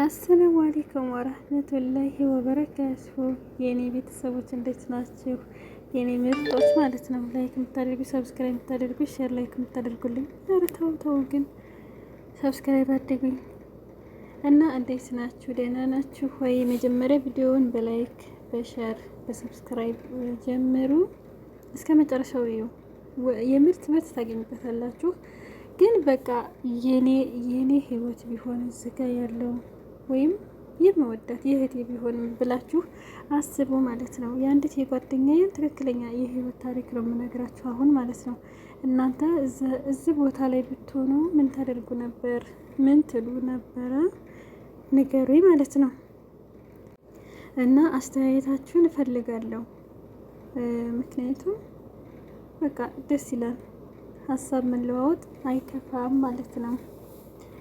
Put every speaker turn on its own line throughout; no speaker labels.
አሰላሙ አሌይኩም ወረህመቱላሂ ወበረካቱ የእኔ ቤተሰቦች እንዴት ናችሁ? የእኔ ምርጦች ማለት ነው። ላይክ የምታደርጉ ሰብስክራይብ የምታደርጉ ሼር ላይክ የምታደርጉልኝ። ኧረ ተው ተው ግን ሰብስክራይብ አድርጉኝ እና እንዴት ናችሁ? ደህና ናችሁ ወይ? የመጀመሪያ ቪዲዮውን በላይክ በሼር በሰብስክራይብ ጀምሩ። እስከ መጨረሻው እዩ። የምር ትምህርት ታገኙበታላችሁ። ግን በቃ የኔ የኔ ህይወት ቢሆን እዚህ ጋ ያለው ወይም የመወዳት የእህቴ ቢሆን ብላችሁ አስቡ ማለት ነው። የአንዲት የጓደኛዬን ትክክለኛ የህይወት ታሪክ ነው የምነግራችሁ አሁን ማለት ነው። እናንተ እዚህ ቦታ ላይ ብትሆኑ ምን ታደርጉ ነበር? ምን ትሉ ነበረ? ንገሩ ማለት ነው። እና አስተያየታችሁን እፈልጋለሁ። ምክንያቱም በቃ ደስ ይላል ሀሳብ መለዋወጥ አይከፋም ማለት ነው።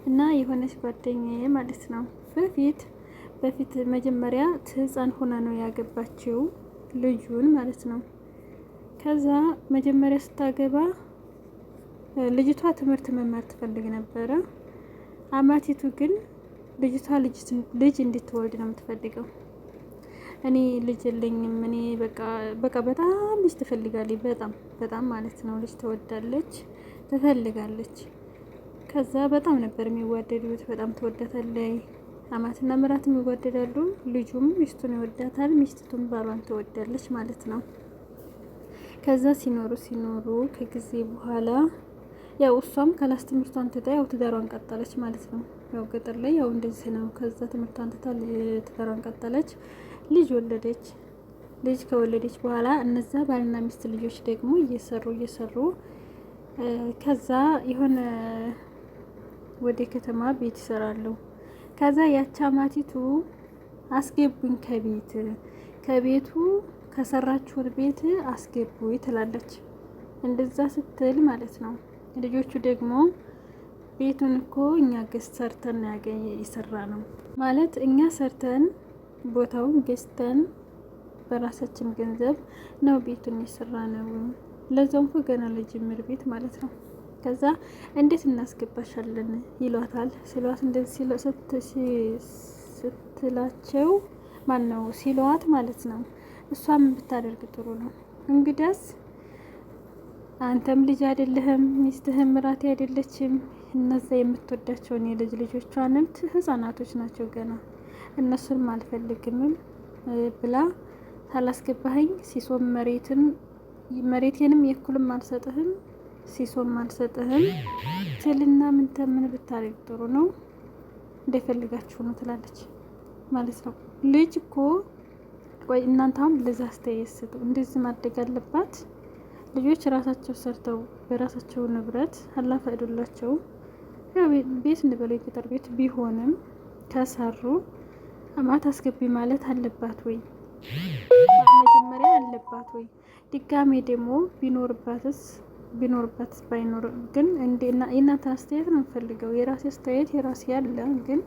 እና የሆነች ጓደኛዬ ማለት ነው በፊት በፊት መጀመሪያ ህፃን ሆና ነው ያገባችው ልጁን ማለት ነው። ከዛ መጀመሪያ ስታገባ ልጅቷ ትምህርት መማር ትፈልግ ነበረ። አማቲቱ ግን ልጅቷ ልጅ እንድትወልድ ነው የምትፈልገው። እኔ ልጅ የለኝም፣ እኔ በቃ በጣም ልጅ ትፈልጋለች። በጣም በጣም ማለት ነው ልጅ ትወዳለች፣ ትፈልጋለች። ከዛ በጣም ነበር የሚዋደዱት፣ በጣም ትወዳታለች። አማትና ምራትም ይወደዳሉ። ልጁም ሚስቱን ይወዳታል፣ ሚስቱም ባሏን ትወዳለች ማለት ነው። ከዛ ሲኖሩ ሲኖሩ ከጊዜ በኋላ ያው እሷም ከላስ ትምህርቷን ትታ ያው ትዳሯን ቀጠለች ማለት ነው። ያው ገጠር ላይ ያው እንደዚህ ነው። ከዛ ትምህርቷን ትታ ትዳሯን ቀጠለች፣ ልጅ ወለደች። ልጅ ከወለደች በኋላ እነዛ ባልና ሚስት ልጆች ደግሞ እየሰሩ እየሰሩ ከዛ የሆነ ወደ ከተማ ቤት ይሰራሉ። ከዛ ያቻማቲቱ አስገቡኝ ከቤት ከቤቱ ከሰራችሁን ቤት አስገቡ ትላለች። እንደዛ ስትል ማለት ነው። ልጆቹ ደግሞ ቤቱን እኮ እኛ ገዝተን ሰርተን ያገኘ የሰራ ነው ማለት እኛ ሰርተን ቦታውን ገዝተን በራሳችን ገንዘብ ነው ቤቱን የሰራ ነው። ለዛም እኮ ገና ለጅምር ቤት ማለት ነው። ከዛ እንዴት እናስገባሻለን ይሏታል። ሲሏት ስትላቸው ማን ነው ሲሏት ማለት ነው። እሷም ብታደርግ ጥሩ ነው እንግዳስ አንተም ልጅ አይደለህም፣ ሚስትህም ምራት አይደለችም። እነዛ የምትወዳቸውን የልጅ ልጆቿንም ህጻናቶች ናቸው ገና እነሱን አልፈልግምም ብላ ታላስገባህኝ ሲሶም መሬትን መሬቴንም የእኩልም አልሰጥህም ሲሶም አልሰጥህም ትልና ምን ተምን ብታደርግ ጥሩ ነው እንደፈልጋችሁ ነው ትላለች ማለት ነው። ልጅ እኮ ቆይ እናንተ አሁን ለዛ አስተያየት ስጡ። እንደዚህ ማድረግ አለባት። ልጆች ራሳቸው ሰርተው በራሳቸው ንብረት አላፈቅዱላቸውም። ቤት እንበለው የገጠር ቤት ቢሆንም ከሰሩ አማት አስገቢ ማለት አለባት ወይ መጀመሪያ አለባት ወይ ድጋሜ ደግሞ ቢኖርባትስ ቢኖርበት ባይኖር ግን የእናንተ አስተያየት ነው የምፈልገው። የራሴ አስተያየት የራሴ ያለ ግን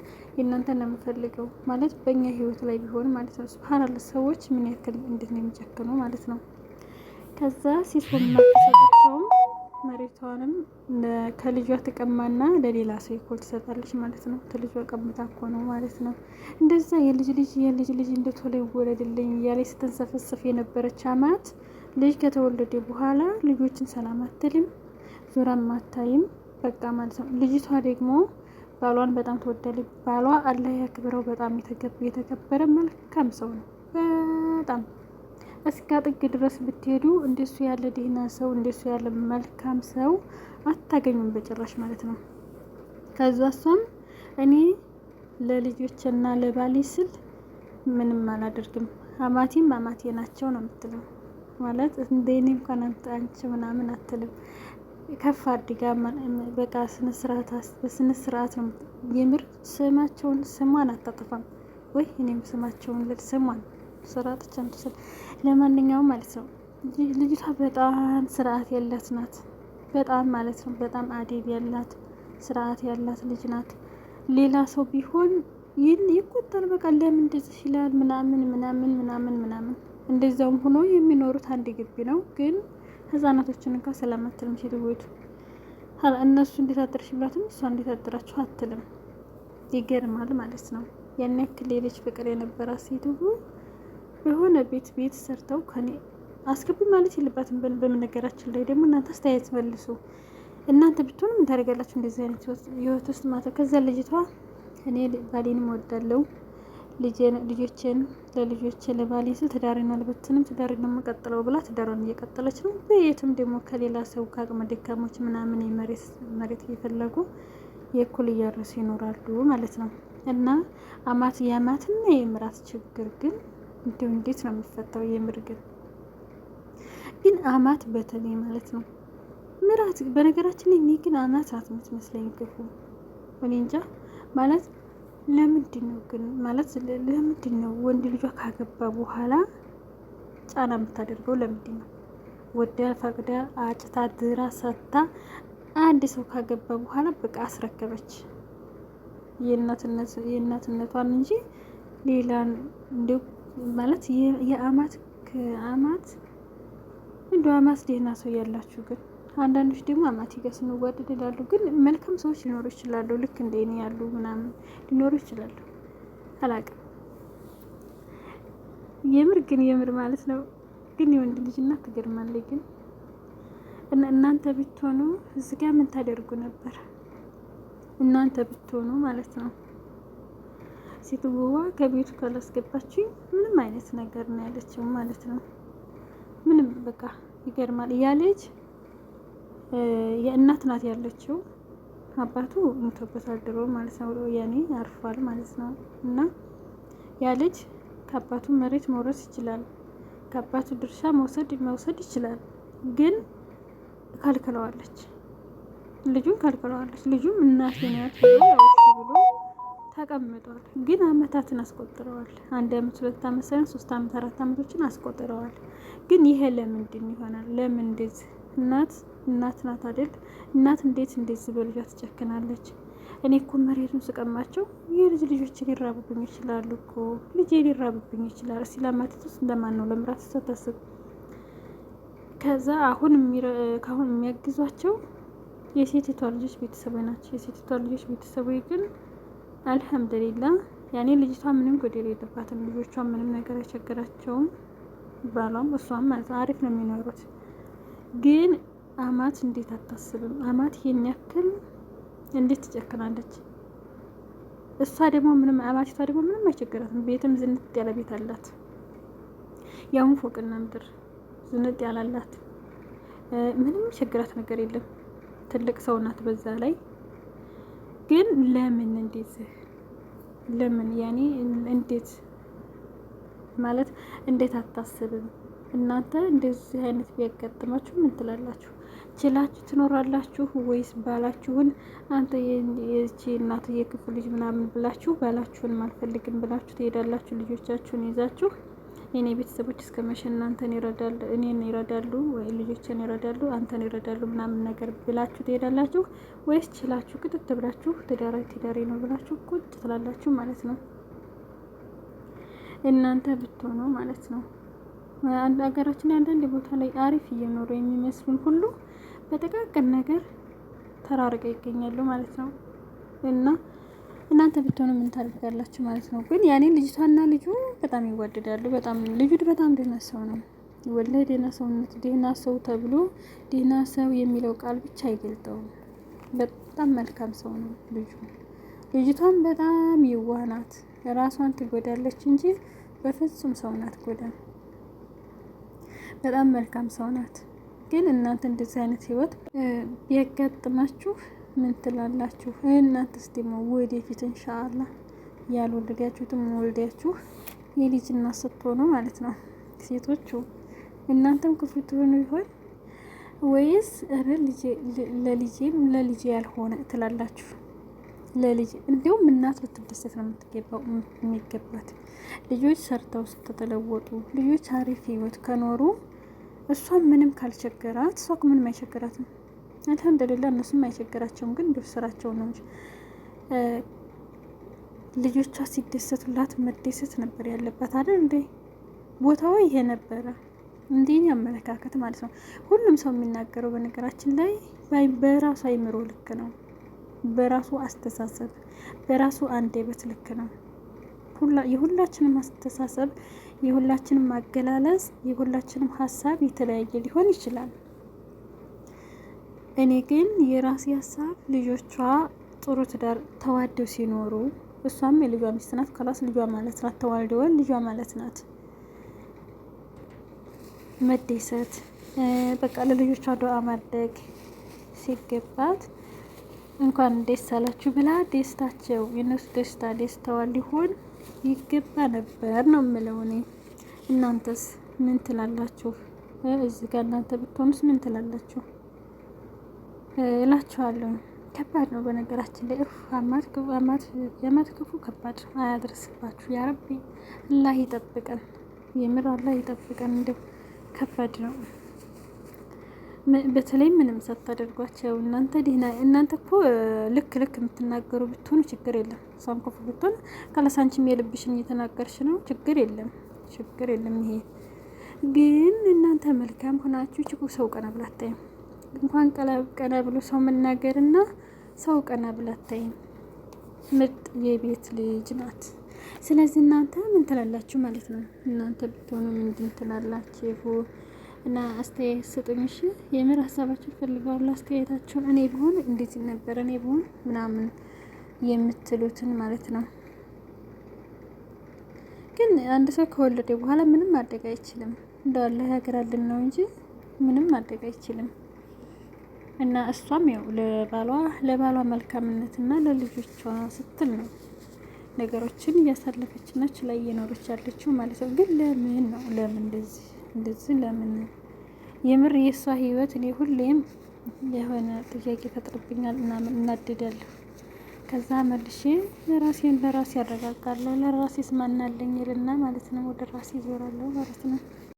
እናንተ ነው የምፈልገው ማለት በእኛ ህይወት ላይ ቢሆን ማለት ነው። ስብሀናለ ሰዎች ምን ያክል እንዴት ነው የሚጨክኑ ማለት ነው። ከዛ ሲሰማቸውም መሬቷንም ከልጇ ተቀማና ለሌላ ሰው እኮ ትሰጣለች ማለት ነው። ከልጇ ቀምታ እኮ ነው ማለት ነው። እንደዛ የልጅ ልጅ የልጅ ልጅ እንደቶሎ ይወለድልኝ እያለች ስትንሰፈሰፍ የነበረች አማት ልጅ ከተወለደ በኋላ ልጆችን ሰላም አትልም፣ ዙራም አታይም በቃ ማለት ነው። ልጅቷ ደግሞ ባሏን በጣም ተወዳለች። ባሏ አላህ ያክብረው፣ በጣም የተከበረ መልካም ሰው ነው። በጣም እስከ ጥግ ድረስ ብትሄዱ እንደሱ ያለ ድህና ሰው እንደሱ ያለ መልካም ሰው አታገኙም በጭራሽ ማለት ነው። ከዛ እሷም እኔ ለልጆች እና ለባሌ ስል ምንም አላደርግም፣ አማቴም አማቴ ናቸው ነው የምትለው። ማለት እንደ እኔ እንኳን አንቺ ምናምን አትልም። ከፍ አድጋ በቃ በስነስርዓት ነው የምር ስማቸውን ስሟን አታጠፋም ወይ እኔም ስማቸውን ልል ስሟን ስራጥቻ ንትስል ለማንኛውም ማለት ነው ልጅቷ በጣም ስርዓት ያላት ናት። በጣም ማለት ነው በጣም አዴብ ያላት ስርዓት ያላት ልጅ ናት። ሌላ ሰው ቢሆን ይህን ይቆጣል። በቃ ለምን እንደዚህ ይላል ምናምን ምናምን ምናምን ምናምን እንደዚያውም ሆኖ የሚኖሩት አንድ ግቢ ነው። ግን ህጻናቶችን እንኳ ሰላም አትልም ቤቱ እነሱ እንዴት አደረሽ ብላትም እሷ እንዴት አደራችሁ አትልም። ይገርማል ማለት ነው። ያን ያክል ሌሎች ፍቅር የነበራት ሴት የሆነ ቤት ቤት ሰርተው ከኔ አስገቢ ማለት የለባትም። በምነገራችን ላይ ደግሞ እናንተ አስተያየት መልሱ። እናንተ ብትሆኑ ምን ታደርጋላችሁ? እንደዚህ አይነት ህይወት ውስጥ ማተው ከዛ ልጅቷ እኔ ባሌንም ወዳለው ልጆችን ለልጆች ለባሌ ስል ትዳሬን አልበትንም፣ ትዳሬን ለመቀጥለው ብላ ትዳሯን እየቀጠለች ነው። በየትም ደግሞ ከሌላ ሰው ከአቅመ ደካሞች ምናምን መሬት እየፈለጉ የእኩል እያረሱ ይኖራሉ ማለት ነው። እና አማት የአማትና የምራት ችግር ግን እንዲሁ እንዴት ነው የሚፈታው? የምር ግን ግን አማት በተለይ ማለት ነው ምራት፣ በነገራችን ላይ እኔ ግን አማት ናት የምትመስለኝ ክፉ እኔ እንጃ ማለት ለምንድን ነው ግን ማለት ለምንድን ነው ወንድ ልጇ ካገባ በኋላ ጫና የምታደርገው? ለምንድን ነው ወዳ ፈቅዳ አጭታ ድራ ሰታ አንድ ሰው ካገባ በኋላ በቃ አስረከበች የእናትነቷን እንጂ ሌላን እንደ ማለት የአማት ከአማት እንደ አማት ደህና ሰው ያላችሁ ግን አንዳንዶች ደግሞ አማቲ ጋር ስንዋደድ ይላሉ። ግን መልካም ሰዎች ሊኖሩ ይችላሉ። ልክ እንደ እኔ ያሉ ምናምን ሊኖሩ ይችላሉ። አላቅም። የምር ግን የምር ማለት ነው። ግን የወንድ ልጅ እናት ትገርማለች። ግን እናንተ ብትሆኑ እዚህ ጋር ምን ታደርጉ ነበር? እናንተ ብትሆኑ ማለት ነው። ሴትዋ ከቤቱ ካላስገባችኝ ምንም አይነት ነገር ነው ያለችው ማለት ነው። ምንም በቃ ይገርማል። ያ ልጅ የእናት ናት ያለችው። አባቱ ሞቶበታል ድሮ ማለት ነው፣ የኔ አርፏል ማለት ነው። እና ያ ልጅ ከአባቱ መሬት መውረስ ይችላል፣ ከአባቱ ድርሻ መውሰድ መውሰድ ይችላል። ግን ከልክለዋለች፣ ልጁን ከልክለዋለች። ልጁም እናት ናት ብሎ ተቀምጧል። ግን አመታትን አስቆጥረዋል። አንድ አመት ሁለት አመት ሳይሆን ሶስት አመት አራት አመቶችን አስቆጥረዋል። ግን ይሄ ለምንድን ይሆናል? ለምን እንደዚህ እናት እናት ናት አይደል? እናት እንዴት እንደዚህ በልጇ ትጨክናለች? እኔ እኮ መሬቱን ስቀማቸው የልጅ ልጆች ሊራብብኝ ይችላሉ እኮ ልጄ ሊራብብኝ ይችላል። እስቲ ለማትት ውስጥ ለማን ነው ለምራት ስታስብ ከዛ አሁን ከአሁን የሚያግዟቸው የሴቲቷ ልጆች ቤተሰቦች ናቸው። የሴቲቷ ልጆች ቤተሰቦች ግን አልሐምዱሊላ ያኔ ልጅቷ ምንም ጎደል የለባትም። ልጆቿ ምንም ነገር አይቸግራቸውም። ባሏም እሷም ማለት ነው አሪፍ ነው የሚኖሩት። ግን አማት እንዴት አታስብም? አማት ይሄን ያክል እንዴት ትጨክናለች? እሷ ደግሞ ምንም አማቲቷ ደግሞ ምንም አይቸግራትም። ቤትም ዝንጥ ያለ ቤት አላት፣ ያውም ፎቅና ምድር ዝንጥ ያላላት ምንም ችግራት ነገር የለም። ትልቅ ሰው ናት። በዛ ላይ ግን ለምን እንዴት ለምን ያኔ እንዴት ማለት እንዴት አታስብም? እናንተ እንደዚህ አይነት ቢያጋጥማችሁ ምን ትላላችሁ? ችላችሁ ትኖራላችሁ ወይስ ባላችሁን አንተ የቺ እናቱ የክፉ ልጅ ምናምን ብላችሁ ባላችሁን ማልፈልግን ብላችሁ ትሄዳላችሁ? ልጆቻችሁን ይዛችሁ የኔ ቤተሰቦች እስከ መቼ እናንተን ይረዳሉ፣ እኔን ይረዳሉ፣ ወይ ልጆችን ይረዳሉ፣ አንተን ይረዳሉ ምናምን ነገር ብላችሁ ትሄዳላችሁ? ወይስ ችላችሁ ቅጥጥ ብላችሁ ትዳራ ትዳሬ ነው ብላችሁ ቁጭ ትላላችሁ ማለት ነው። እናንተ ብትሆኑ ማለት ነው አንድ ሀገራችን አንዳንድ ቦታ ላይ አሪፍ እየኖሩ የሚመስሉን ሁሉ በጥቃቅን ነገር ተራርቀው ይገኛሉ ማለት ነው። እና እናንተ ብትሆኑ ምን ታደርጋላችሁ ማለት ነው። ግን ያኔ ልጅቷና ልጁ በጣም ይዋደዳሉ። በጣም ልጁ በጣም ደህና ሰው ነው። ወላሂ ደህና ሰውነት ደህና ሰው ተብሎ ደህና ሰው የሚለው ቃል ብቻ አይገልጠውም። በጣም መልካም ሰው ነው ልጁ። ልጅቷን በጣም ይዋናት ራሷን ትጎዳለች እንጂ በፍጹም ሰውን አትጎዳም። በጣም መልካም ሰው ናት። ግን እናንተ እንደዚህ አይነት ህይወት ቢያጋጥማችሁ ምን ትላላችሁ? እናንተስ ደግሞ ወደፊት እንሻአላ ያልወለዳችሁትም ወልዳችሁ የልጅ እናት ስትሆኑ ማለት ነው ሴቶቹ እናንተም ክፉ ትሆኑ ይሆን ወይስ ለልጄም ለልጄ ያልሆነ ትላላችሁ? ለልጅ እንዲሁም እናት ብትደሰት ነው የምትገባው የሚገባት ልጆች ሰርተው ስተተለወጡ ልጆች አሪፍ ህይወት ከኖሩ እሷም ምንም ካልቸገራት እሷ ምንም አይቸግራትም። አልሐምዱሊላህ እነሱም አይቸግራቸውም፣ ግን ዱር ስራቸው ነው እንጂ ልጆቿ ሲደሰቱላት መደሰት ነበር ያለባት አይደል እንዴ? ቦታው ይሄ ነበረ እንዴን አመለካከት ማለት ነው። ሁሉም ሰው የሚናገረው በነገራችን ላይ በራሱ አይምሮ ልክ ነው፣ በራሱ አስተሳሰብ፣ በራሱ አንደበት ልክ ነው። የሁላችንም አስተሳሰብ የሁላችንም አገላለጽ የሁላችንም ሀሳብ የተለያየ ሊሆን ይችላል። እኔ ግን የራሴ ሀሳብ ልጆቿ ጥሩ ትዳር ተዋደው ሲኖሩ እሷም የልጇ ሚስት ናት፣ ከላስ ልጇ ማለት ናት፣ ተዋልደዋል፣ ልጇ ማለት ናት። መደሰት በቃ ለልጆቿ ዱዓ ማድረግ ሲገባት እንኳን ደስ አላችሁ ብላ ደስታቸው የነሱ ደስታ ደስታዋ ሊሆን ይገባ ነበር ነው የምለው እኔ። እናንተስ ምን ትላላችሁ? እዚህ ጋር እናንተ ብትሆኑስ ምን ትላላችሁ እላችኋለሁ። ከባድ ነው በነገራችን ላይ እፍ ክፉ ከባድ አያድርስባችሁ። ያረቢ አላህ ይጠብቀን፣ የምር አላህ ይጠብቀን። እንደው ከባድ ነው። በተለይ ምንም ሳታደርጓቸው እናንተ ደህና እናንተ እኮ ልክ ልክ የምትናገሩ ብትሆኑ ችግር የለም። እሷም ክፉ ብትሆን ካለሳንቺም የልብሽን እየተናገርሽ ነው፣ ችግር የለም፣ ችግር የለም። ይሄ ግን እናንተ መልካም ሆናችሁ ችኩ ሰው ቀና ብላ አታይም። እንኳን ቀና ብሎ ሰው መናገርና ሰው ቀና ብላ አታይም። ምርጥ የቤት ልጅ ናት። ስለዚህ እናንተ ምን ትላላችሁ ማለት ነው? እናንተ ብትሆኑ ምንድን ትላላችሁ? እና አስተያየት ስጡኝ። እሺ የምር ሀሳባችሁን ፈልገዋሉ። አስተያየታችሁን እኔ ቢሆን እንዴት ነበር እኔ ቢሆን ምናምን የምትሉትን ማለት ነው። ግን አንድ ሰው ከወለደ በኋላ ምንም ማደግ አይችልም። እንደዋለ ያገራልን ነው እንጂ ምንም ማደግ አይችልም። እና እሷም ያው ለባሏ ለባሏ መልካምነትና ለልጆቿ ስትል ነው ነገሮችን እያሳለፈች ነች ላይ እየኖረች ያለችው ማለት ነው። ግን ለምን ነው ለምን እንደዚህ እንደዚህ ለምን የምር የእሷ ህይወት እኔ ሁሌም የሆነ ጥያቄ ፈጥርብኛል፣ እና እናድዳለሁ። ከዛ መልሼ ለራሴን ለራሴ ያረጋጋለሁ። ለራሴ ስማናለኝ ልና ማለት ነው ወደ ራሴ ይዞራለሁ ማለት ነው።